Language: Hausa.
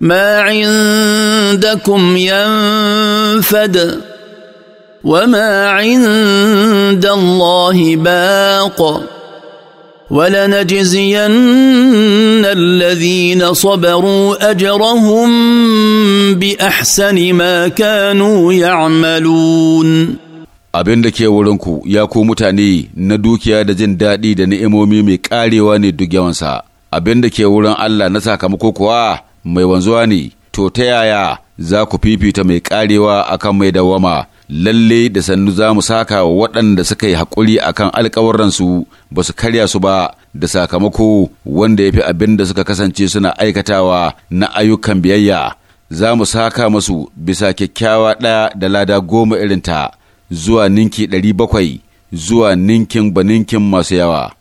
ما عندكم ينفد وما عند الله باق ولنجزين الذين صبروا اجرهم باحسن ما كانوا يعملون abin da ke wurinku ya ku mutane na dukiya da jin daɗi da ni'imomi mai ƙarewa ne duk yawansa abin da ke wurin Allah na sakamako kuwa mai wanzuwa ne to ta yaya za ku fifita mai karewa akan mai dawama lalle da sannu za mu saka wa waɗanda suka yi haƙuri akan alƙawarransu ba su karya su ba da sakamako wanda ya fi abin da suka kasance suna aikatawa na ayyukan biyayya za mu saka masu bisa kyakkyawa ɗaya da lada goma irinta zuwa ninki ɗari bakwai zuwa ninkin ba ninkin masu yawa.